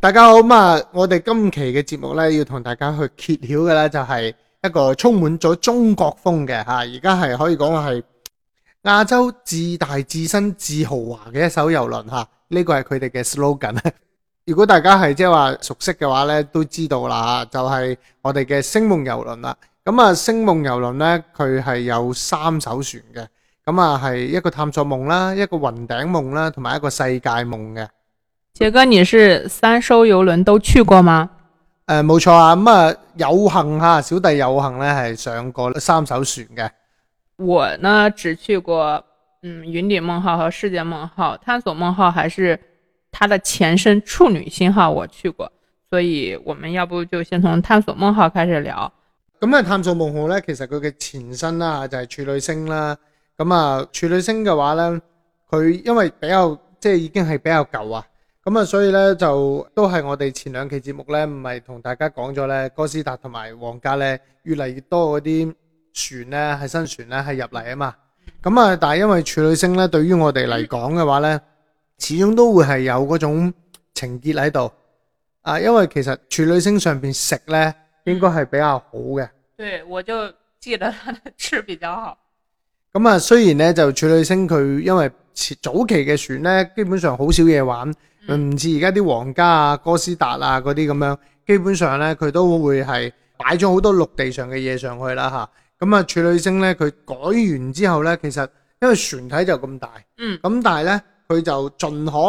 大家好，咁啊，我哋今期嘅節目咧，要同大家去揭曉嘅咧，就係一個充滿咗中國風嘅吓，而家係可以講係亞洲最大、最新、最豪華嘅一艘遊輪吓，呢個係佢哋嘅 slogan。如果大家係即係話熟悉嘅話咧，都知道啦吓，就係我哋嘅星夢游輪啦。咁啊，星夢游輪咧，佢係有三艘船嘅，咁啊係一個探索夢啦，一個雲頂夢啦，同埋一個世界夢嘅。傑哥，你是三艘郵輪都去過嗎？誒、呃，冇錯啊，咁、嗯、啊有幸哈，小弟有幸呢係上過三艘船嘅。我呢只去過，嗯，雲頂夢號和世界夢號，探索夢號還是它的前身處女星號，我去過。所以我們要不就先從探索夢號開始聊。咁啊，探索夢號咧，其實佢嘅前身啦就係處女星啦。咁、嗯、啊，處女星嘅話咧，佢因為比較即係已經係比較舊啊。咁啊，所以咧就都係我哋前兩期節目咧，唔係同大家講咗咧，哥斯達同埋皇家咧，越嚟越多嗰啲船咧，係新船咧，係入嚟啊嘛。咁啊，但係因為處女星咧，對於我哋嚟講嘅話咧，始終都會係有嗰種情結喺度啊。因為其實處女星上邊食咧，應該係比較好嘅。對，我就記得佢吃比較好。咁啊，雖然咧就處女星佢因為早期嘅船咧，基本上好少嘢玩。唔似而家啲皇家啊、哥斯達啊嗰啲咁樣，基本上呢，佢都會係擺咗好多陸地上嘅嘢上去啦吓，咁啊，處女星呢，佢改完之後呢，其實因為船體就咁大，嗯，咁但係呢，佢就盡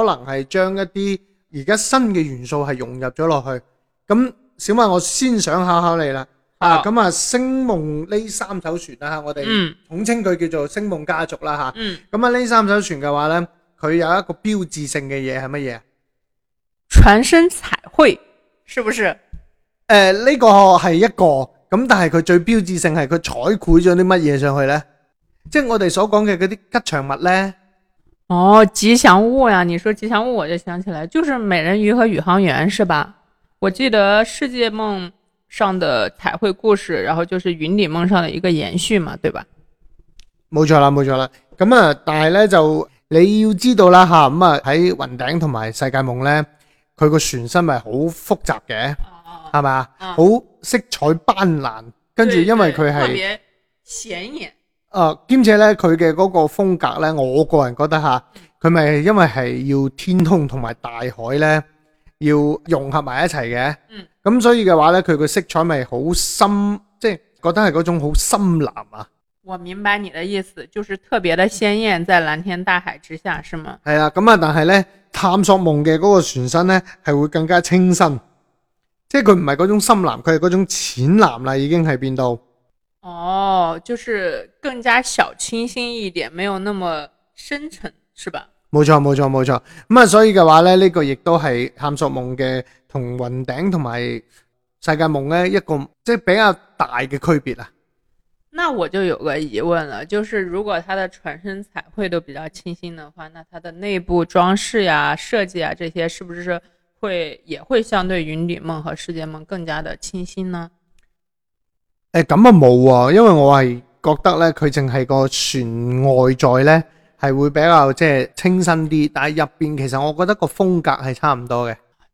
可能係將一啲而家新嘅元素係融入咗落去。咁小馬，我先想考考你啦，啊，咁啊，星夢呢三艘船啊，我哋統稱佢叫做星夢家族啦、啊、吓，嗯，咁啊呢三艘船嘅話呢，佢有一個標誌性嘅嘢係乜嘢？船身彩繪是不是？誒、呃，呢、這個係一個咁，但係佢最標誌性係佢彩繪咗啲乜嘢上去呢？即係我哋所講嘅嗰啲吉祥物呢？哦，吉祥物呀、啊！你說吉祥物我就想起來，就是美人魚和宇航員，是吧？我記得世界夢上的彩繪故事，然後就是雲頂夢上的一個延續嘛，對吧？冇錯啦，冇錯啦。咁啊，但係呢，就你要知道啦吓，咁啊喺雲頂同埋世界夢呢。佢個船身咪好複雜嘅，係嘛好、啊、色彩斑斕。跟住因為佢係特別顯眼。兼、呃、且咧，佢嘅嗰個風格咧，我個人覺得吓，佢、嗯、咪因為係要天空同埋大海咧，要融合埋一齊嘅。嗯。咁所以嘅話咧，佢個色彩咪好深，即、就、係、是、覺得係嗰種好深藍啊。我明白你的意思，就是特別的鮮艷，在藍天大海之下，是嗎？係啊，咁啊，但係咧。探索夢嘅嗰個船身咧，係會更加清新，即係佢唔係嗰種深藍，佢係嗰種淺藍啦，已經係變到。哦，就是更加小清新一點，沒有那麼深沉，是吧？冇錯冇錯冇錯，咁啊，所以嘅話咧，呢個亦都係探索夢嘅同雲頂同埋世界夢咧一個即係比較大嘅區別啊。那我就有個疑問了，就是如果它的船身彩繪都比較清新的話，那它的內部裝飾呀、設計啊這些，是不是會也會相對於雲頂夢和世界夢更加的清新呢？誒，咁啊冇啊，因為我係覺得咧，佢淨係個船外在咧係會比較即係清新啲，但係入邊其實我覺得個風格係差唔多嘅。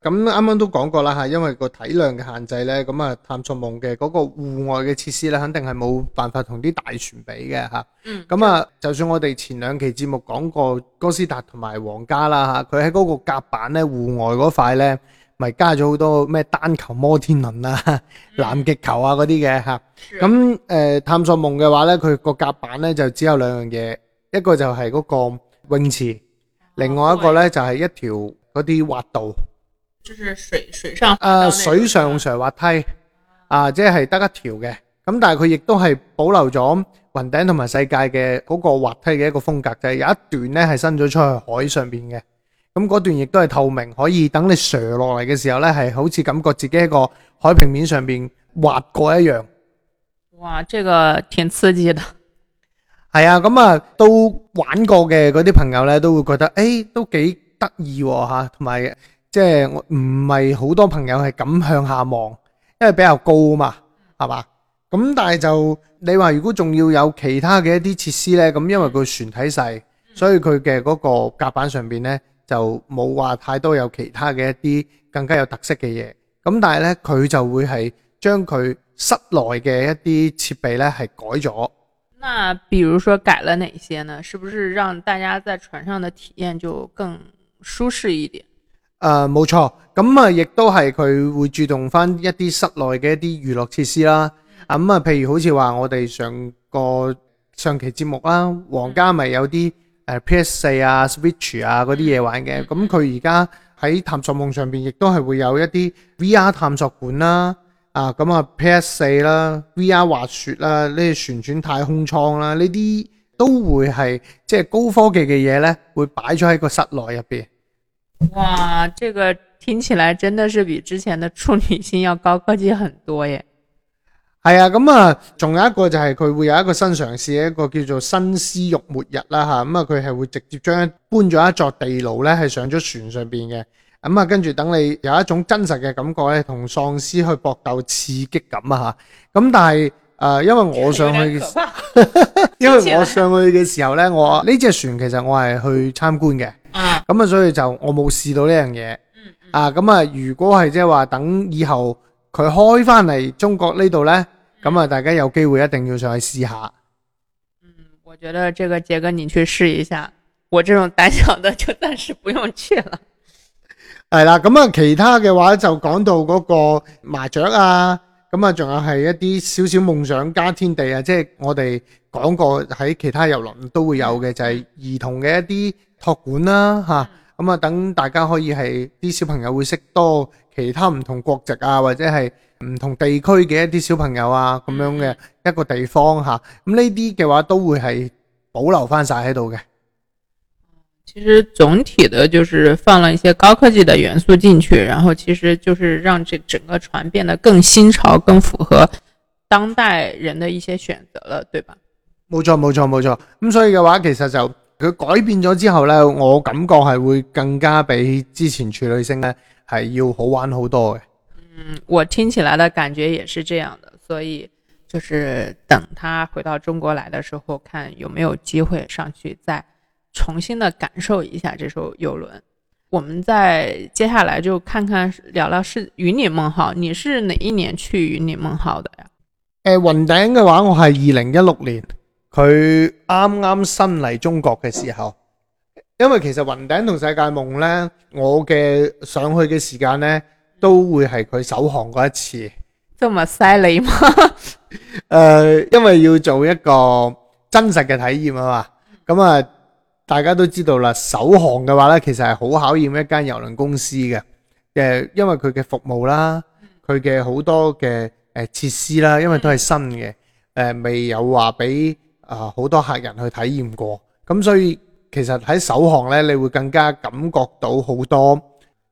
咁啱啱都講過啦吓，因為個體量嘅限制咧，咁啊探索夢嘅嗰個戶外嘅設施咧，肯定係冇辦法同啲大船比嘅吓。嗯。咁啊，就算我哋前兩期節目講過哥斯達同埋皇家啦吓，佢喺嗰個甲板咧，戶外嗰塊咧，咪加咗好多咩單球摩天輪啦、南極球啊嗰啲嘅吓。係。咁誒，探索夢嘅話咧，佢個甲板咧就只有兩樣嘢，一個就係嗰個泳池，另外一個咧就係一條嗰啲滑道。就是水水上誒，水上垂滑梯啊，即係得一條嘅，咁，但係佢亦都係保留咗雲頂同埋世界嘅嗰個滑梯嘅一個風格，就係有一段咧係伸咗出去海上邊嘅，咁嗰段亦都係透明，可以等你垂落嚟嘅時候咧，係好似感覺自己喺個海平面上邊滑過一樣。哇，這個挺刺激的。係啊，咁啊都玩過嘅嗰啲朋友咧，都會覺得誒都幾得意吓，同埋。即係我唔係好多朋友係咁向下望，因為比較高嘛，係嘛？咁但係就你話如果仲要有其他嘅一啲設施咧，咁因為佢船體細，所以佢嘅嗰個甲板上邊咧就冇話太多有其他嘅一啲更加有特色嘅嘢。咁但係咧佢就會係將佢室內嘅一啲設備咧係改咗。那比如說改了哪些呢？是不是讓大家在船上的體驗就更舒適一點？誒、呃，冇錯，咁啊，亦都係佢會主動翻一啲室內嘅一啲娛樂設施啦。啊，咁啊，譬如好似話我哋上個上期節目啦，皇家咪有啲誒 PS 四啊，Switch 啊嗰啲嘢玩嘅。咁佢而家喺探索夢上邊，亦都係會有一啲 VR 探索館啦，啊，咁啊 PS 四啦，VR 滑雪啦，啊，呢旋轉太空艙啦、啊，呢啲都會係即係高科技嘅嘢咧，會擺咗喺個室內入邊。哇，這個聽起來真的是比之前的處女星要高科技很多耶！係啊，咁、嗯、啊，仲有一個就係佢會有一個新嘗試，一個叫做新絲肉末日啦吓，咁啊，佢、嗯、係會直接將搬咗一座地牢咧，係上咗船上邊嘅，咁、嗯、啊，跟住等你有一種真實嘅感覺咧，同喪屍去搏鬥刺激感啊吓，咁、嗯、但係誒、呃，因為我上去， 因為我上去嘅時候咧，我呢隻船其實我係去參觀嘅。啊咁啊，所以就我冇試到呢樣嘢。嗯啊，咁、嗯、啊，如果係即係話等以後佢開翻嚟中國呢度呢，咁、嗯、啊，大家有機會一定要上去試下。嗯，我覺得這個傑哥你去試一下，我這種膽小的就暫時不用去了。係啦，咁啊，其他嘅話就講到嗰個麻雀啊，咁啊，仲有係一啲小小夢想家天地啊，即、就、係、是、我哋講過喺其他郵輪都會有嘅，就係、是、兒童嘅一啲。託管啦，吓咁啊，等大家可以係啲小朋友會識多其他唔同國籍啊，或者係唔同地區嘅一啲小朋友啊，咁樣嘅一個地方吓，咁呢啲嘅話都會係保留翻晒喺度嘅。其實總體的，就是放了一些高科技的元素進去，然後其實就是讓這整個船變得更新潮，更符合當代人的一些選擇了，對吧？冇錯，冇錯，冇錯。咁所以嘅話，其實就。佢改變咗之後呢，我感覺係會更加比之前處女星呢係要好玩好多嘅。嗯，我聽起來嘅感覺也是這樣的，所以就是等他回到中國來嘅時候，看有冇有機會上去再重新嘅感受一下這艘郵輪。我們再接下來就看看聊聊是雲頂夢號，你是哪一年去雲頂夢號的呀、啊？誒、呃，雲頂嘅話，我係二零一六年。佢啱啱新嚟中國嘅時候，因為其實雲頂同世界夢呢，我嘅上去嘅時間呢，都會係佢首航嗰一次，都唔犀利嗎？誒、呃，因為要做一個真實嘅體驗啊嘛，咁啊、嗯，大家都知道啦，首航嘅話呢，其實係好考驗一間郵輪公司嘅，誒，因為佢嘅服務啦，佢嘅好多嘅誒設施啦，因為都係新嘅，誒、呃，未有話俾。啊、呃！好多客人去體驗過，咁所以其實喺首航呢，你會更加感覺到好多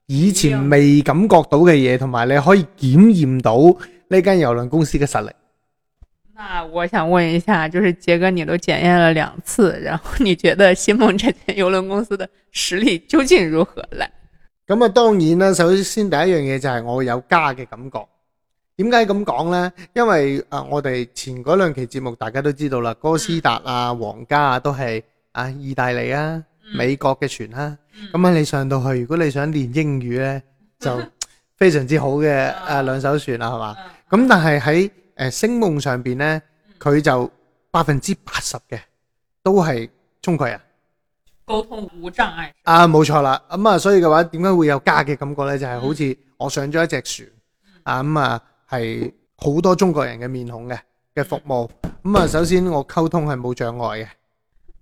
以前未感覺到嘅嘢，同埋你可以檢驗到呢間郵輪公司嘅實力。那我想問一下，就是傑哥，你都檢驗了兩次，然後你覺得星夢這間郵輪公司的實力究竟如何呢？咁啊，當然啦，首先第一樣嘢就係我有家嘅感覺。點解咁講呢？因為誒、呃，我哋前嗰兩期節目大家都知道啦，哥斯達啊、皇、嗯、家啊，都係啊意大利啊、嗯、美國嘅船啦。咁啊，嗯、你上到去，如果你想練英語呢，就非常之好嘅誒、啊啊、兩艘船啦、啊，係嘛？咁、啊、但係喺誒星夢上邊呢，佢就百分之八十嘅都係中國人啊，溝通無障礙啊，冇錯啦。咁、嗯、啊，所以嘅話，點解會有家嘅感覺呢？就係、是、好似我上咗一隻船、嗯、啊、咁、嗯、啊。係好多中國人嘅面孔嘅嘅服務，咁啊，首先我溝通係冇障礙嘅。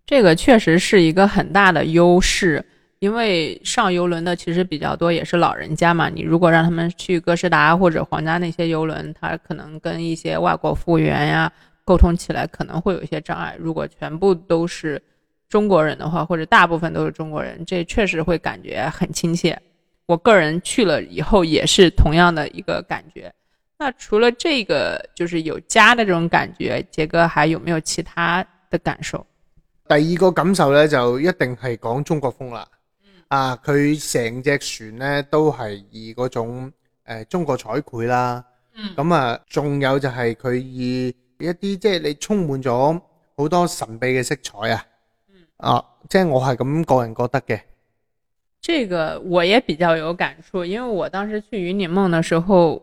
這個確實是一個很大的優勢，因為上郵輪的其實比較多，也是老人家嘛。你如果讓他們去歌詩達或者皇家那些郵輪，他可能跟一些外國服務員呀溝通起來可能會有一些障礙。如果全部都是中國人的話，或者大部分都是中國人，這確實會感覺很親切。我個人去了以後也是同樣的一個感覺。那除了這個，就是有家的這種感覺，杰哥還有沒有其他的感受？第二個感受呢，就一定係講中國風啦、嗯。啊，佢成隻船呢，都係以嗰種誒、呃、中國彩繪啦。咁、嗯、啊，仲、嗯、有就係佢以一啲即係你充滿咗好多神秘嘅色彩啊。嗯、啊，即係我係咁個人覺得嘅。這個我也比較有感觸，因為我當時去雲頂夢嘅時候。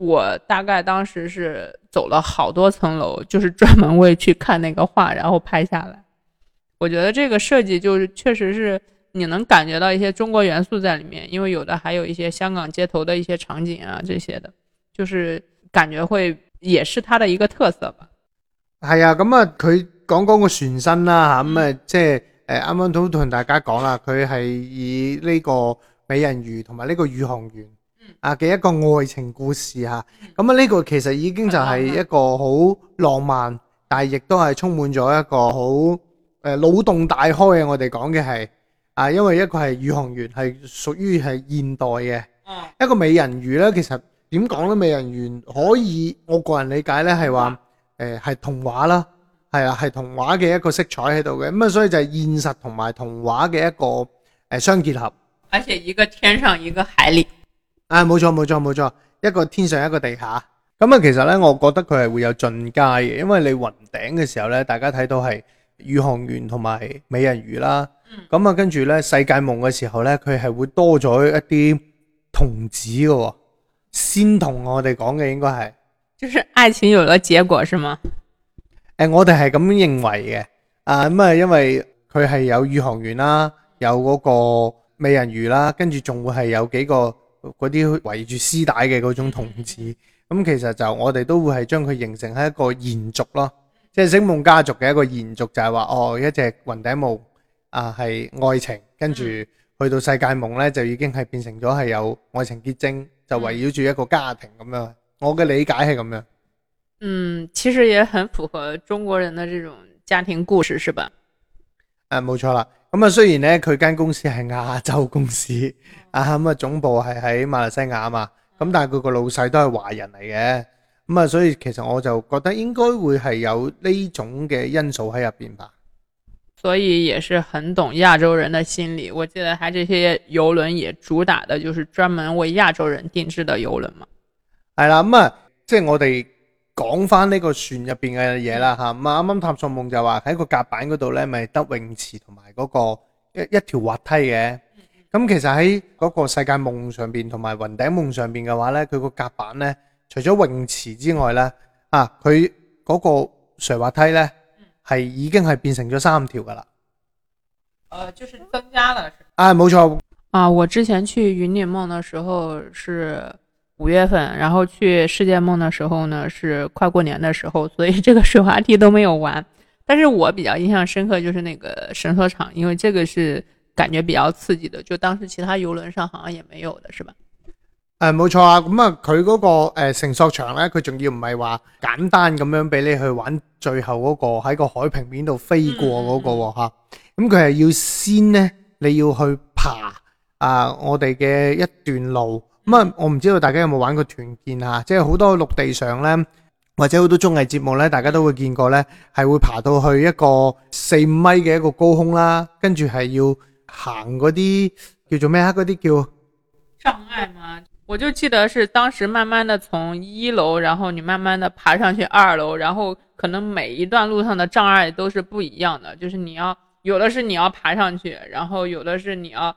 我大概當時是走了好多層樓，就是專門為去看那個畫，然後拍下來。我覺得這個設計就是確實是你能感覺到一些中國元素在裏面，因為有的還有一些香港街頭的一些場景啊，這些的，就是感覺會也是它的一個特色吧。係啊，咁啊，佢講講個船身啦，咁、嗯、啊，即係誒，啱啱都同大家講啦，佢係以呢個美人魚同埋呢個宇航員。啊嘅一個愛情故事吓，咁啊呢個其實已經就係一個好浪漫，但係亦都係充滿咗一個好誒腦洞大開嘅。我哋講嘅係啊，因為一個係宇航員係屬於係現代嘅，嗯，一個美人魚呢其實點講呢？美人魚可以我個人理解呢係話誒係童話啦，係啊係童話嘅一個色彩喺度嘅，咁啊所以就係現實同埋童話嘅一個誒、呃、相結合，而且一個天上一個海裏。啊、哎，冇錯冇錯冇錯，一個天上一個地下。咁啊，其實咧，我覺得佢係會有進階嘅，因為你雲頂嘅時候咧，大家睇到係宇航員同埋美人魚啦。咁、嗯、啊，跟住咧世界夢嘅時候咧，佢係會多咗一啲童子嘅、哦、先同、啊、我哋講嘅，應該係就是愛情有了結果，是嗎？誒、呃，我哋係咁樣認為嘅。啊，咁啊，因為佢係有宇航員啦，有嗰個美人魚啦，跟住仲會係有幾個。嗰啲圍住絲帶嘅嗰種童子，咁、嗯、其實就我哋都會係將佢形成喺一個延續咯，即係星夢家族嘅一個延續就是說，就係話哦，一隻雲頂夢啊係愛情，跟住去到世界夢咧就已經係變成咗係有愛情結晶，就圍繞住一個家庭咁樣。嗯、我嘅理解係咁樣。嗯，其實也很符合中國人的這種家庭故事，是吧？誒、啊，冇錯啦。咁啊，雖然咧佢間公司係亞洲公司啊，咁啊總部係喺馬來西亞啊嘛，咁但係佢個老細都係華人嚟嘅，咁啊，所以其實我就覺得應該會係有呢種嘅因素喺入邊吧。所以也是很懂亞洲人的心理。我記得佢這些郵輪也主打的，就是專門為亞洲人定製的郵輪嘛。係啦，咁、嗯、啊，即係我哋。講翻呢個船入邊嘅嘢啦吓，啱啱探索夢就話喺個甲板嗰度咧，咪得泳池同埋嗰個一一條滑梯嘅。咁、嗯、其實喺嗰個世界夢上邊同埋雲頂夢上邊嘅話咧，佢個甲板咧，除咗泳池之外咧，啊佢嗰個水滑梯咧，係、嗯、已經係變成咗三條噶啦。誒、呃，就是增加啦啊，冇錯。啊，我之前去雲頂夢嘅時候是。五月份，然後去世界夢的時候呢，是快過年的時候，所以這個水滑梯都沒有玩。但是我比較印象深刻就是那個繩索場，因為這個是感覺比較刺激的，就當時其他郵輪上好像也沒有的是吧？誒、嗯，冇錯啊，咁、嗯、啊，佢嗰個誒繩索場咧，佢仲要唔係話簡單咁樣俾你去玩，最後嗰個喺個海平面度飛過嗰個吓，咁佢係要先咧，你要去爬啊，我哋嘅一段路。咁、嗯、啊，我唔知道大家有冇玩過團建啊，即係好多陸地上咧，或者好多綜藝節目咧，大家都會見過咧，係會爬到去一個四五米嘅一個高空啦，跟住係要行嗰啲叫做咩啊？嗰啲叫障礙嗎？我就記得是當時慢慢的從一樓，然後你慢慢的爬上去二樓，然後可能每一段路上的障礙都是不一樣的，就是你要，有的是你要爬上去，然後有的是你要。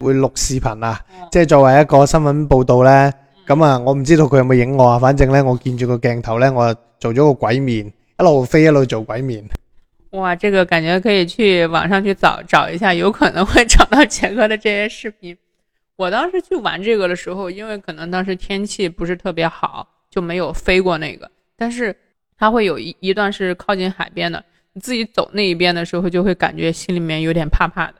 會錄視頻啊，即係作為一個新聞報道呢。咁啊，我唔知道佢有冇影我啊，反正呢，我見住個鏡頭呢，我就做咗個鬼面，一路飛一路做鬼面。哇，這個感覺可以去網上去找找一下，有可能會找到傑哥的這些視頻。我當時去玩這個的時候，因為可能當時天氣不是特別好，就沒有飛過那個。但是它會有一一段是靠近海邊的，你自己走那一邊的時候，就會感覺心裏面有點怕怕的。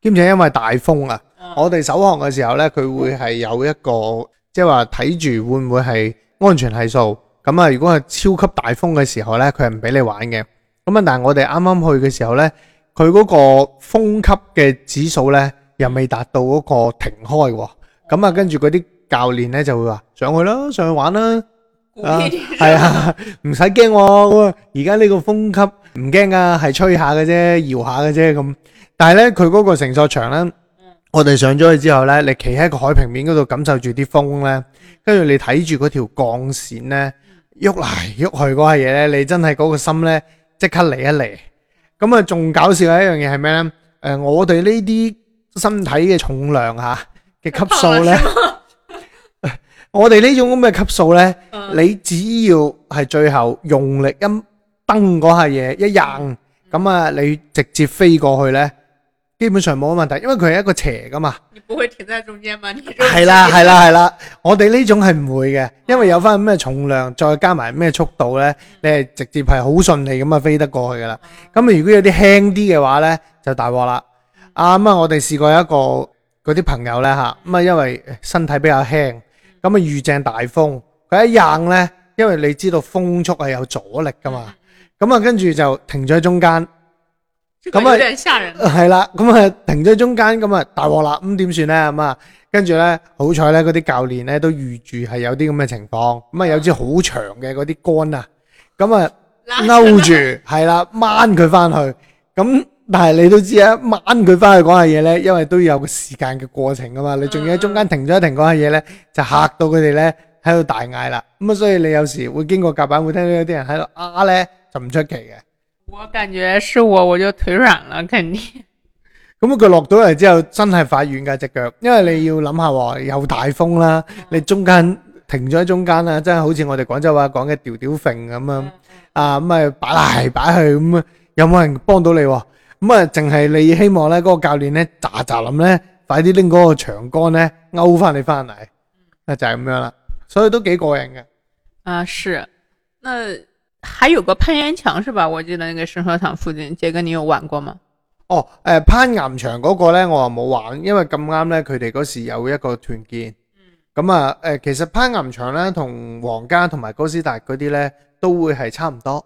兼且因為大風啊，我哋首航嘅時候咧，佢會係有一個即係話睇住會唔會係安全係數咁啊？如果係超級大風嘅時候咧，佢係唔俾你玩嘅。咁啊，但係我哋啱啱去嘅時候咧，佢嗰個風級嘅指數咧又未達到嗰個停開，咁啊，跟住嗰啲教練咧就會話上去囉，上去玩啦，係 啊，唔使驚喎，而家呢個風級。唔驚噶，係吹下嘅啫，搖下嘅啫咁。但係咧，佢嗰個繩索長咧，我哋上咗去之後咧，你企喺個海平面嗰度感受住啲風咧，跟住你睇住嗰條鋼線咧，喐嚟喐去嗰下嘢咧，你真係嗰個心咧，即刻嚟一嚟。咁啊，仲搞笑嘅一樣嘢係咩咧？誒，我哋呢啲身體嘅重量吓嘅級數咧，我哋呢種咁嘅級數咧，你只要係最後用力一。登嗰下嘢一扔咁啊，你直接飛過去咧，基本上冇乜問題，因為佢係一個斜噶嘛。你不會停在中間嗎？係啦係啦係啦，我哋呢種係唔會嘅，因為有翻咩重量，再加埋咩速度咧，你係直接係好順利咁啊飛得過去噶啦。咁啊，如果有啲輕啲嘅話咧，就大鑊啦。啱咁啊，我哋試過一個嗰啲朋友咧吓咁啊，因為身體比較輕，咁啊遇正大風，佢一扔咧，因為你知道風速係有阻力噶嘛。咁啊，跟住就停咗喺中間，咁啊，嚇人係啦，咁啊，停咗喺中間，咁啊，大鑊啦，咁點算咧？咁啊，跟住咧，好彩咧，嗰啲教練咧都預住係有啲咁嘅情況，咁啊有支好長嘅嗰啲桿啊，咁啊勾住，係啦，掹佢翻去，咁但係你都知啊，掹佢翻去講下嘢咧，因為都要有個時間嘅過程噶嘛，你仲要喺中間停咗一停講下嘢咧，就嚇到佢哋咧。喺度大嗌啦，咁啊，所以你有時會經過夾板，會聽到有啲人喺度啊咧，就唔出奇嘅。我感覺是我我就腿軟啦，肯定。咁啊，佢落到嚟之後真係快軟噶隻腳，因為你要諗下喎，又大風啦，嗯、你中間停咗喺中間啦，真係好似我哋廣州話講嘅吊吊揈咁樣，嗯、啊，咁啊擺嚟擺去咁啊，有冇人幫到你？咁、嗯、啊，淨係你希望咧嗰個教練咧咋咋諗咧，快啲拎嗰個長杆咧勾翻你翻嚟，就係咁樣啦。所以都幾過癮嘅，啊是，那還有個攀岩牆是吧？我記得那個升和堂附近，傑哥你有玩過嗎？哦，誒、呃、攀岩牆嗰個呢，我又冇玩，因為咁啱呢，佢哋嗰時有一個團建，咁啊誒其實攀岩牆呢，同皇家同埋哥斯達嗰啲呢，都會係差唔多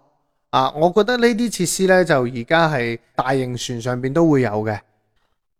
啊，我覺得呢啲設施呢，就而家係大型船上邊都會有嘅。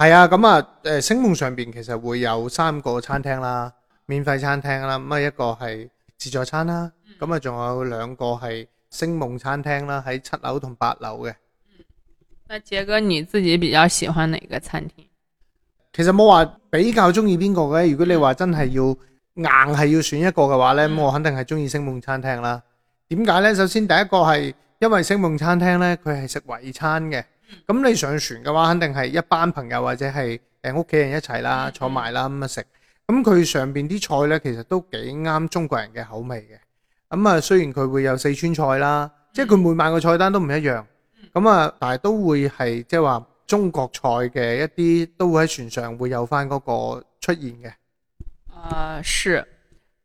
係啊，咁、嗯、啊，誒星夢上面其實會有三個餐廳啦，免費餐廳啦，咁啊一個係自助餐啦，咁啊仲有兩個係星夢餐廳啦，喺七樓同八樓嘅。嗯，那杰哥你自己比較喜歡哪個餐廳？其實冇話比較中意邊個嘅。如果你話真係要硬係要選一個嘅話呢，咁、嗯、我肯定係中意星夢餐廳啦。點解呢？首先第一個係因為星夢餐廳呢，佢係食圍餐嘅。咁你上船嘅話，肯定係一班朋友或者係誒屋企人一齊啦、嗯，坐埋啦咁啊食。咁佢上面啲菜咧，其實都幾啱中國人嘅口味嘅。咁啊，雖然佢會有四川菜啦、嗯，即係佢每晚嘅菜單都唔一樣。咁、嗯、啊，但係都會係即係話中國菜嘅一啲，都會喺船上會有翻嗰個出現嘅。啊、呃，是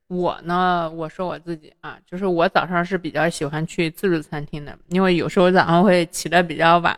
我呢？我說我自己啊，就是我早上係比較喜歡去自助餐廳嘅，因為有時候早上會起得比較晚。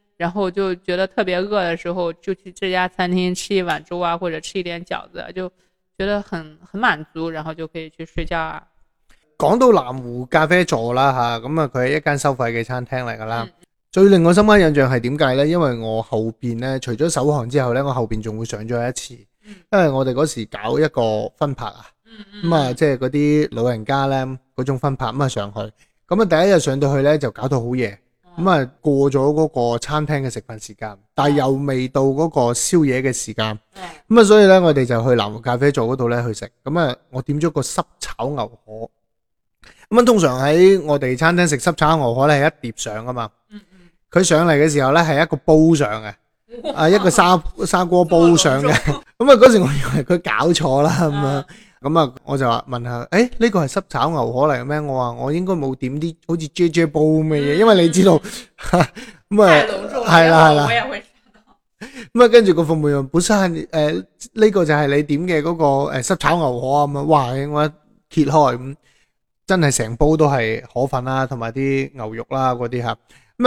然後就覺得特別餓的時候，就去這家餐廳吃一碗粥啊，或者吃一點餃子，就覺得很很滿足，然後就可以去睡覺啊。講到南湖咖啡座啦，吓咁啊，佢係一間收費嘅餐廳嚟噶啦。最令我深刻印象係點解呢？因為我後邊呢，除咗首航之後呢，我後邊仲會上咗一次，因為我哋嗰時搞一個分拍，嗯嗯、啊，咁啊，即係嗰啲老人家呢，嗰種分拍咁啊上去，咁啊第一日上到去呢，就搞到好夜。咁、嗯、啊，過咗嗰個餐廳嘅食飯時間，但係又未到嗰個宵夜嘅時間，咁、嗯、啊、嗯，所以咧，我哋就去南湖咖啡座嗰度咧去食。咁、嗯、啊，我點咗個濕炒牛河。咁、嗯、啊，通常喺我哋餐廳食濕炒牛河咧係一碟上㗎嘛。嗯、佢、嗯、上嚟嘅時候咧係一個煲上嘅。啊，一個砂砂鍋煲上嘅。咁啊嗰時我以為佢搞錯啦咁樣、啊咁啊，我就話問下，誒、欸，呢個係濕炒牛河嚟嘅咩？我話我應該冇點啲好似啫啫煲咩嘅嘢，因為你知道咁啊，係啦、嗯嗯、啦。咁啊、嗯，跟住個服務員本身係誒，呢、呃這個就係你點嘅嗰、那個誒濕、呃、炒牛河、嗯嗯、牛啊，咁啊，話嘅我一揭開咁，真係成煲都係河粉啦，同埋啲牛肉啦嗰啲吓。咁啊，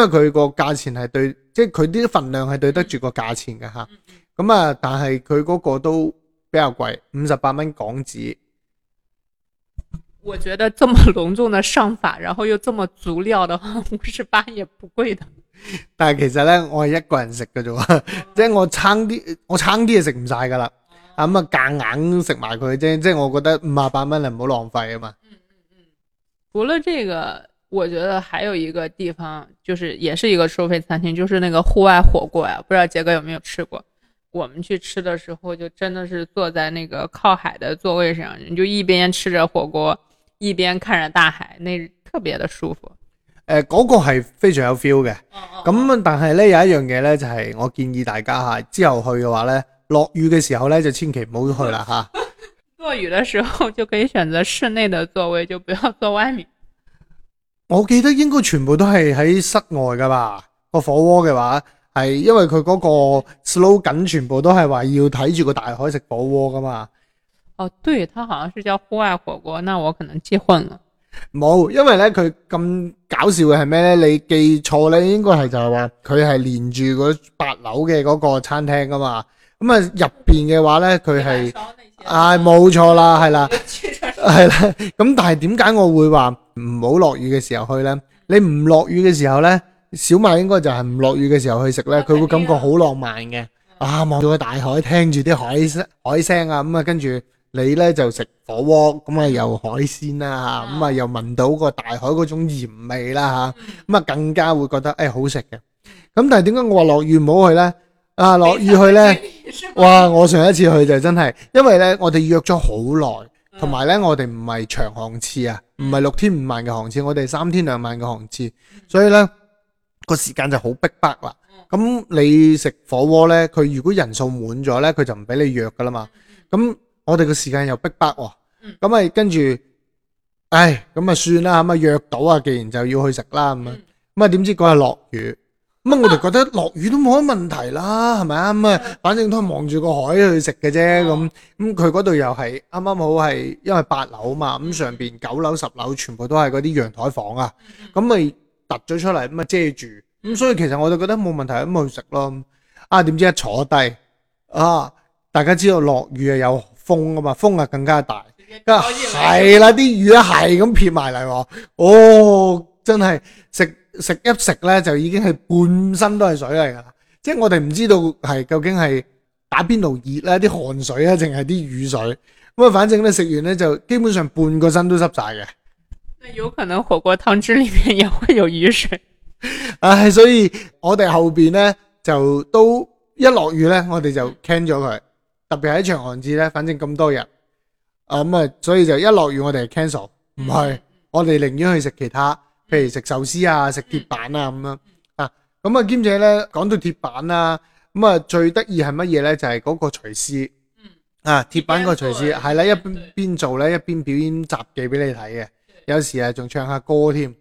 佢個價錢係對，即係佢啲份量係對得住個價錢嘅吓。咁啊，但係佢嗰個都。比較貴，五十八蚊港紙。我覺得這麼隆重的上法，然後又這麼足料的話，五十八也不貴的。但係其實呢，我係一個人食嘅啫，即 係我撐啲，我撐啲就食唔晒噶啦。咁啊，夾硬食埋佢啫，即係、就是、我覺得五十八蚊你唔好浪費啊嘛、嗯嗯。除了這個，我覺得還有一個地方，就是也是一個收費餐廳，就是那個戶外火鍋呀、啊，不知道傑哥有沒有吃過？我們去吃的時候，就真的是坐在那個靠海的座位上，你就一邊吃着火鍋，一邊看着大海，那特別的舒服。誒、呃，嗰、那個係非常有 feel 嘅。咁、哦哦哦，但係咧有一樣嘢咧，就係、是、我建議大家吓，之後去嘅話咧，落雨嘅時候咧，就千祈唔好去啦吓。落雨嘅時候就可以選擇室內的座位，就不要坐外面。我記得應該全部都係喺室外噶吧？個火鍋嘅話。係，因為佢嗰個 slogan，全部都係話要睇住個大海食火鍋噶嘛。哦，對，它好像是叫戶外火鍋，那我可能記混了。冇，因為咧佢咁搞笑嘅係咩咧？你記錯咧，應該係就係話佢係連住個八樓嘅嗰個餐廳噶嘛。咁啊，入邊嘅話咧，佢係，啊，冇錯啦，係啦，係啦。咁但係點解我會話唔好落雨嘅時候去咧？你唔落雨嘅時候咧？小馬應該就係唔落雨嘅時候去食咧，佢會感覺好浪漫嘅。啊，望住個大海，聽住啲海聲海聲啊，咁啊，跟住你咧就食火鍋，咁啊又海鮮啦，咁啊又聞到個大海嗰種鹽味啦，吓咁啊更加會覺得誒好食嘅。咁但係點解我話落雨唔好去咧？啊落雨去咧，哇！我上一次去就真係，因為咧我哋約咗好耐，同埋咧我哋唔係長航次啊，唔係六天五晚嘅航次，我哋三天兩晚嘅航次，所以咧。個時間就好逼迫啦，咁你食火鍋呢，佢如果人數滿咗呢，佢就唔俾你約噶啦嘛。咁我哋個時間又逼迫，咁咪跟住，唉，咁啊算啦，咁啊約到啊，既然就要去食啦，咁啊，咁點知嗰日落雨，咁我哋覺得落雨都冇乜問題啦，係咪啊？咁啊，反正都係望住個海去食嘅啫，咁咁佢嗰度又係啱啱好係，因為八樓啊嘛，咁上邊九樓十樓全部都係嗰啲陽台房啊，咁咪。凸咗出嚟咁啊遮住，咁所以其實我就覺得冇問題咁去食咯。啊點知一坐低啊，大家知道落雨啊有風啊嘛，風啊更加大，係啦啲雨啊係咁撇埋嚟喎。哦，真係食食一食咧就已經係半身都係水嚟噶啦。即係我哋唔知道係究竟係打邊爐熱咧，啲汗水啊，淨係啲雨水咁啊。反正咧食完咧就基本上半個身都濕晒嘅。有可能火鍋湯汁裏面也會有雨水，啊，唉，所以我哋後邊咧就都一落雨咧，我哋就 cancel 佢。特別係一場寒戰咧，反正咁多人，啊咁啊，所以就一落雨我哋 cancel，唔係、嗯、我哋寧願去食其他，譬如食壽司啊、食鐵板啊咁樣、嗯、啊。咁啊，兼且咧講到鐵板啊咁啊最得意係乜嘢咧？就係、是、嗰個廚師啊，鐵板個廚師係呢，一邊邊做咧一邊表演雜技俾你睇嘅。有時啊，仲唱下歌添。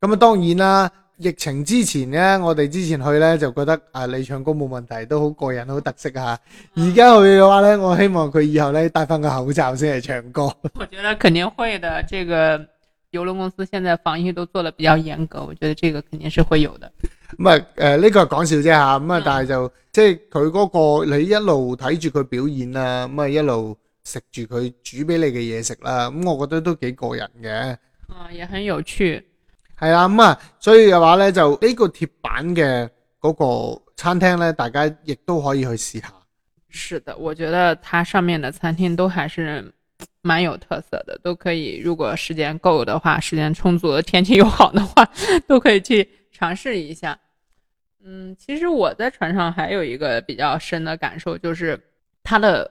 咁啊，當然啦，疫情之前咧，我哋之前去咧就覺得啊，你唱歌冇問題，都好過癮，好特色啊。而、嗯、家去嘅話咧，我希望佢以後咧戴翻個口罩先嚟唱歌。我覺得肯定會的。這個郵輪公司現在防疫都做得比較嚴格，我覺得這個肯定是會有的。咁、嗯、啊，誒、呃、呢、這個係講笑啫吓，咁啊，但係就、嗯、即係佢嗰個你一路睇住佢表演啊，咁啊一路。食住佢煮俾你嘅嘢食啦，咁、嗯、我覺得都幾過癮嘅。啊、嗯，也很有趣。係啊，咁、嗯、啊，所以嘅話咧，就呢個鐵板嘅嗰個餐廳咧，大家亦都可以去試下。是的，我覺得它上面的餐廳都還是蠻有特色的，都可以。如果時間夠的話，時間充足、天氣又好的話，都可以去嘗試一下。嗯，其實我在船上還有一個比較深的感受，就是它的，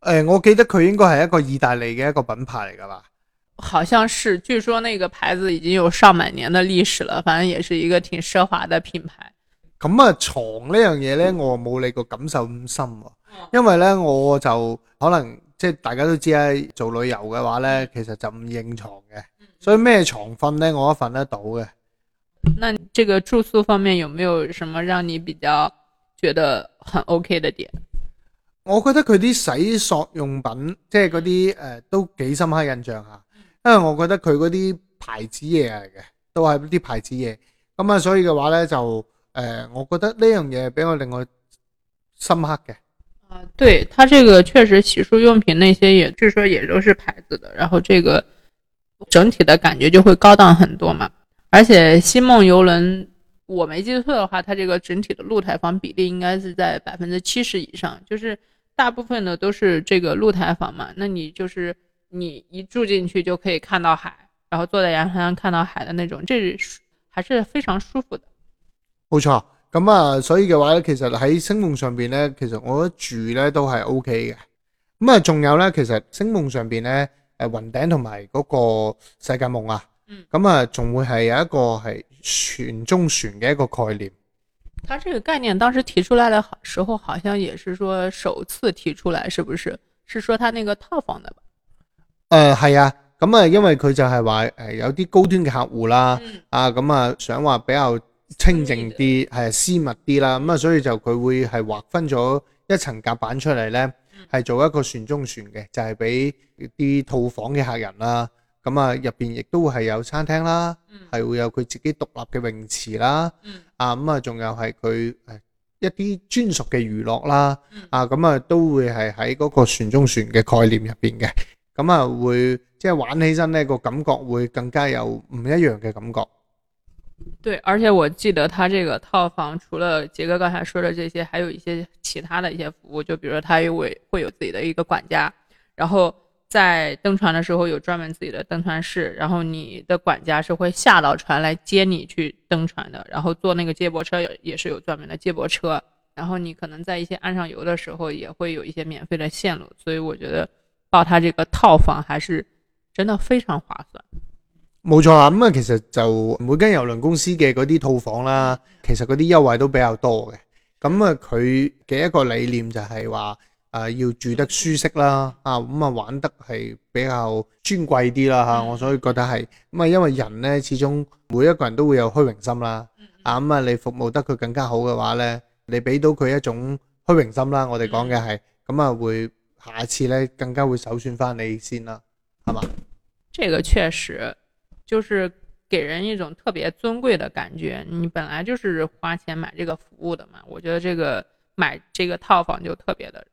誒，我記得佢應該係一個意大利嘅一個品牌嚟噶吧？好像是，據說那個牌子已經有上百年的歷史了，反正也是一個挺奢華的品牌。咁啊，床呢樣嘢呢，嗯、我冇你個感受咁深、啊嗯，因為呢，我就可能即係大家都知啊，做旅遊嘅話呢，其實就唔認床嘅、嗯，所以咩床瞓呢，我都瞓得到嘅。那這個住宿方面有沒有什麼讓你比較覺得很 OK 的點？我覺得佢啲洗漱用品，即係嗰啲誒，都幾深刻印象吓，因為我覺得佢嗰啲牌子嘢嚟嘅，都係啲牌子嘢，咁、嗯、啊，所以嘅話咧就誒、呃，我覺得呢樣嘢比較令我深刻嘅。啊，對，它這個確實洗漱用品那些也據說也都是牌子的，然後這個整體的感覺就會高檔很多嘛。而且星夢郵輪，我沒記錯的話，它這個整體的露台房比例應該是在百分之七十以上，就是。大部分呢都是這個露台房嘛，那你就是你一住進去就可以看到海，然後坐在陽台上看到海的那種，這是還是非常舒服的。冇錯，咁啊，所以嘅話咧，其實喺星夢上邊咧，其實我住咧都係 OK 嘅。咁啊，仲有咧，其實星夢上邊咧，誒，雲頂同埋嗰個世界夢啊，嗯，咁啊，仲會係有一個係船中船嘅一個概念。他這個概念當時提出來的時候，好像也是說首次提出來，是不是？是說他那個套房的吧？呃係啊，咁啊，因為佢就係話誒有啲高端嘅客戶啦、嗯，啊咁啊想話比較清靜啲，係私密啲啦，咁啊所以就佢會係劃分咗一層甲板出嚟，呢係做一個船中船嘅，就係俾啲套房嘅客人啦。咁啊，入邊亦都係有餐廳啦，係、嗯、會有佢自己獨立嘅泳池啦，啊、嗯、咁啊，仲有係佢一啲專屬嘅娛樂啦，啊、嗯、咁啊，都會係喺嗰個船中船嘅概念入邊嘅，咁啊會即係、就是、玩起身呢個感覺會更加有唔一樣嘅感覺。對，而且我記得他這個套房除了杰哥剛才說的這些，還有一些其他的一些服務，就比如說他又會有自己的一個管家，然後。在登船的時候，有專門自己的登船室，然後你的管家是會下到船來接你去登船的，然後坐那個接駁車也是有專門的接駁車，然後你可能在一些岸上游的時候也會有一些免費的線路，所以我覺得報他這個套房還是真的非常划算。冇錯啊，咁、嗯、啊，其實就每間郵輪公司嘅嗰啲套房啦，其實嗰啲優惠都比較多嘅，咁啊，佢嘅一個理念就係話。誒、呃、要住得舒適啦，啊咁啊玩得係比較尊貴啲啦嚇、嗯，我所以覺得係咁啊，因為人咧始終每一個人都會有虛榮心啦，嗯、啊咁啊、嗯、你服務得佢更加好嘅話咧，你俾到佢一種虛榮心啦，我哋講嘅係咁啊，會下次咧更加會首選翻你先啦，係嘛？這個確實就是給人一種特別尊貴的感覺。你本來就是花錢買這個服務的嘛，我覺得這個買這個套房就特別的。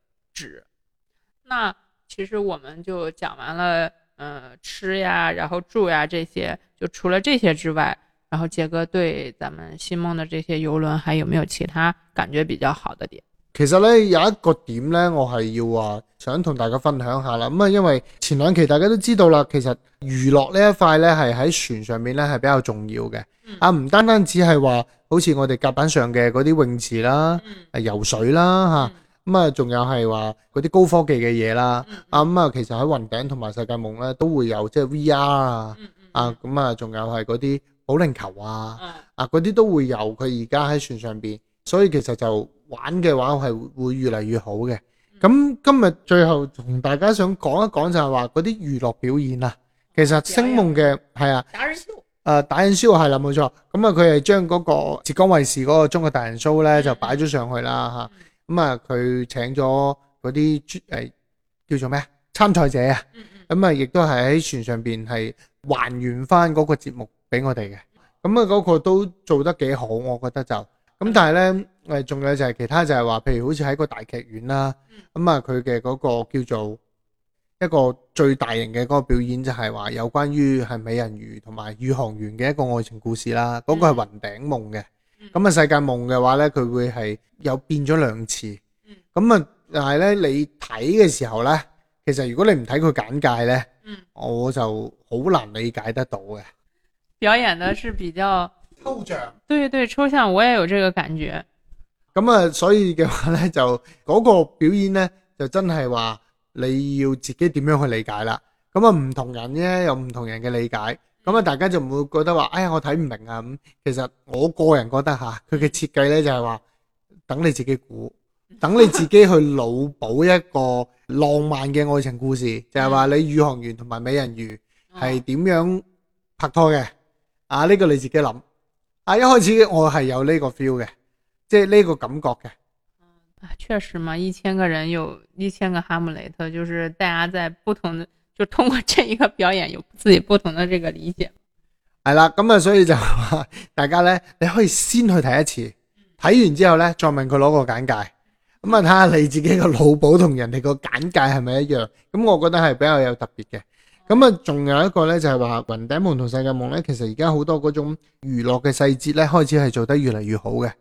那其實我們就講完了，嗯、呃，吃呀，然後住呀，這些就除了這些之外，然後杰哥對咱們星夢的這些郵輪還有沒有其他感覺比較好的點？其實呢，有一個點呢，我係要話想同大家分享一下啦。咁啊，因為前兩期大家都知道啦，其實娛樂呢一塊呢，係喺船上面呢，係比較重要嘅。啊、嗯，唔單單只係話好似我哋甲板上嘅嗰啲泳池啦，嗯、游水啦吓。嗯咁、嗯、啊，仲有係話嗰啲高科技嘅嘢啦，啊咁啊，其實喺雲頂同埋世界夢咧都會有即係 VR、嗯嗯、啊，啊咁啊，仲有係嗰啲保齡球啊，嗯、啊嗰啲都會有佢而家喺船上邊，所以其實就玩嘅話係會越嚟越好嘅。咁、嗯、今日最後同大家想講一講就係話嗰啲娛樂表演啊，其實星夢嘅係啊，達人 show、誒、達人 show 係啦冇錯，咁啊佢係將嗰個浙江衛視嗰個中國達人 show 咧就擺咗上去啦、嗯啊咁、嗯、啊，佢請咗嗰啲誒叫做咩參賽者啊，咁、嗯、啊，亦都係喺船上邊係還原翻嗰個節目俾我哋嘅。咁、嗯、啊，嗰、那個都做得幾好，我覺得就咁、嗯。但係咧，誒仲有就係其他就係話，譬如好似喺個大劇院啦，咁、嗯、啊，佢嘅嗰個叫做一個最大型嘅嗰個表演就係話有關於係美人魚同埋宇航員嘅一個愛情故事啦。嗰、那個係雲頂夢嘅。嗯。咁、嗯、啊，世界夢嘅話咧，佢會係有變咗兩次。咁、嗯、啊，但係咧，你睇嘅時候咧，其實如果你唔睇佢簡介咧、嗯，我就好難理解得到嘅。表演呢是比較、嗯、抽象，對對對，抽象，我也有這個感覺。咁、嗯、啊，所以嘅話咧，就嗰個表演咧，就真係話你要自己點樣去理解啦。咁、嗯、啊，唔同人咧，有唔同人嘅理解。咁啊，大家就唔會覺得話，哎呀，我睇唔明啊咁。其實我個人覺得下佢嘅設計咧就係話，等你自己估，等你自己去腦補一個浪漫嘅愛情故事，就係話你宇航員同埋美人魚係點樣拍拖嘅啊？呢、嗯呢個你自己諗啊！一開始我係有呢個 feel 嘅，即係呢個感覺嘅。啊，確實嘛，一千個人有一千個哈姆雷特，就是大家在不同的。就通過這一個表演有自己不同的這個理解，係啦咁啊，所以就話大家咧，你可以先去睇一次，睇完之後咧再問佢攞個簡介，咁啊睇下你自己個腦補同人哋個簡介係咪一樣，咁我覺得係比較有特別嘅。咁啊，仲有一個咧就係、是、話《雲頂夢》同《世界夢》咧，其實而家好多嗰種娛樂嘅細節咧，開始係做得越嚟越好嘅。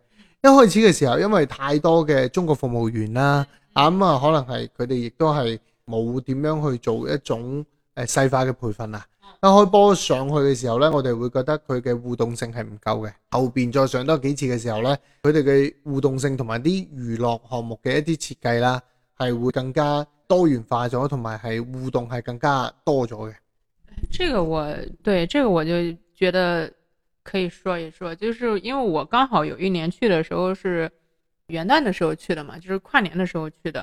一開始嘅時候，因為太多嘅中國服務員啦，啊、嗯、咁啊，可能係佢哋亦都係。冇點樣去做一種誒細化嘅培訓啦，一開波上去嘅時候呢，我哋會覺得佢嘅互動性係唔夠嘅。後邊再上多幾次嘅時候呢，佢哋嘅互動性同埋啲娛樂項目嘅一啲設計啦，係會更加多元化咗，同埋係互動係更加多咗嘅。這個我，對，這個我就覺得可以說一說，就是因為我剛好有一年去嘅時候是元旦嘅時候去嘅嘛，就是跨年嘅時候去嘅。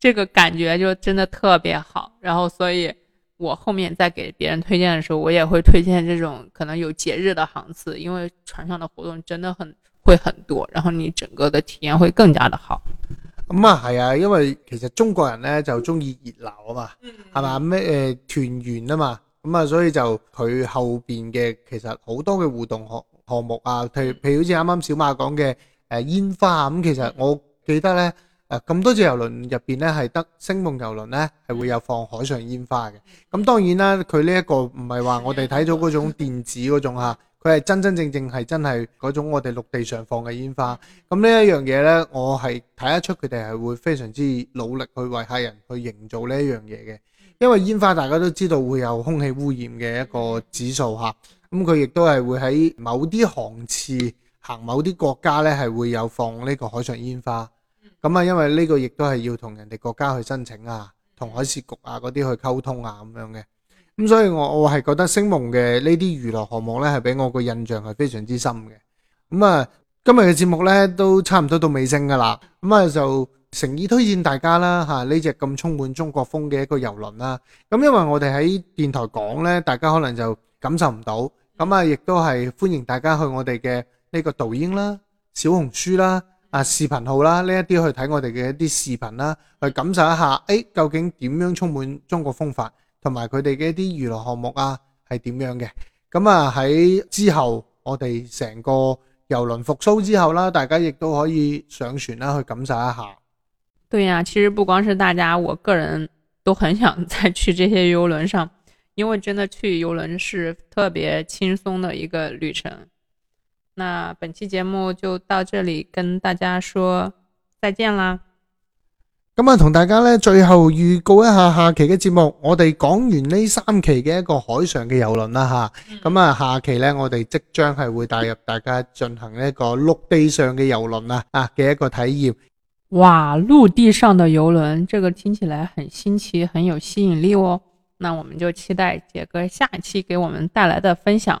這個感覺就真的特別好，然後所以我後面在給別人推薦的時候，我也會推薦這種可能有節日的航次，因為船上的活動真的很會很多，然後你整個的體驗會更加的好。咁、嗯、啊，係啊，因為其實中國人咧就中意熱鬧啊嘛，係嘛咩誒團圓啊嘛，咁、嗯、啊，所以就佢後邊嘅其實好多嘅互動項項目啊，譬譬如好似啱啱小馬講嘅誒煙花咁、嗯、其實我記得咧。咁、啊、多隻郵輪入面咧，係得星夢郵輪咧係會有放海上煙花嘅。咁當然啦，佢呢一個唔係話我哋睇到嗰種電子嗰種吓，佢係真真正正係真係嗰種我哋陸地上放嘅煙花。咁呢一樣嘢咧，我係睇得出佢哋係會非常之努力去為客人去營造呢一樣嘢嘅，因為煙花大家都知道會有空氣污染嘅一個指數吓，咁佢亦都係會喺某啲航次行某啲國家咧係會有放呢個海上煙花。咁啊，因為呢個亦都係要同人哋國家去申請啊，同海事局啊嗰啲去溝通啊咁樣嘅。咁所以我我係覺得星夢嘅呢啲娛樂項目咧係俾我個印象係非常之深嘅。咁啊，今日嘅節目咧都差唔多到尾聲噶啦。咁啊就誠意推薦大家啦，吓呢隻咁充滿中國風嘅一個郵輪啦。咁因為我哋喺電台講咧，大家可能就感受唔到。咁啊，亦都係歡迎大家去我哋嘅呢個抖音啦、小紅書啦。啊，視頻號啦，呢一啲去睇我哋嘅一啲視頻啦，去感受一下，誒、哎、究竟點樣充滿中國風法，同埋佢哋嘅一啲娛樂項目啊，係點樣嘅？咁啊喺之後，我哋成個遊輪復甦之後啦，大家亦都可以上船啦，去感受一下。對呀、啊，其實不光是大家，我個人都很想再去這些遊輪上，因為真的去遊輪是特別輕鬆的一個旅程。那本期節目就到這裏，跟大家說再見啦。咁啊，同大家咧最後預告一下下期嘅節目，我哋講完呢三期嘅一個海上嘅遊輪啦吓，咁啊下期咧我哋即將係會帶入大家進行一個陸地上嘅遊輪啊啊嘅一個體驗。哇，陸地上的遊輪，這個聽起來很新奇，很有吸引力哦。那我們就期待傑哥下期給我們帶來的分享。